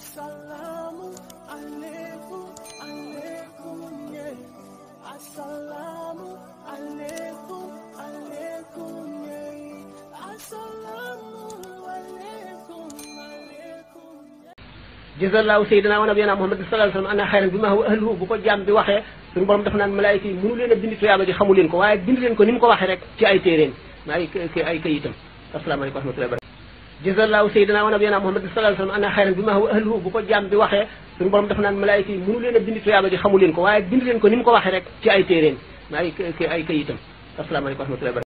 Assalamu alaikum alaikum ye Assalamu alaikum alaikum ye Assalamu جزا الله سيدنا ونبينا محمد صلى الله عليه وسلم انا خير بما هو اهله بوكو جام دي واخه سن بروم دافنا ملائكه منو لينا بيند تيا با دي خامو لين كو واي بيند لين كو نيم كو واخه رك تي اي تيرين ماي كي اي كيتم السلام عليكم ورحمه الله jazallahu sayyidina wa nabiyana muhammad sallallahu alayhi wa sallam ana xayran bi ma huwa ahluhu bu ko jaam bi waxee suñu borom def naan malaayika yi mënu leen a bind tuyaaba di xamu leen ko waaye bind leen ko ni mu ko waxee rek ci ay téeréen ay ay kayitam asalaamaaleykum wa rahmatullahi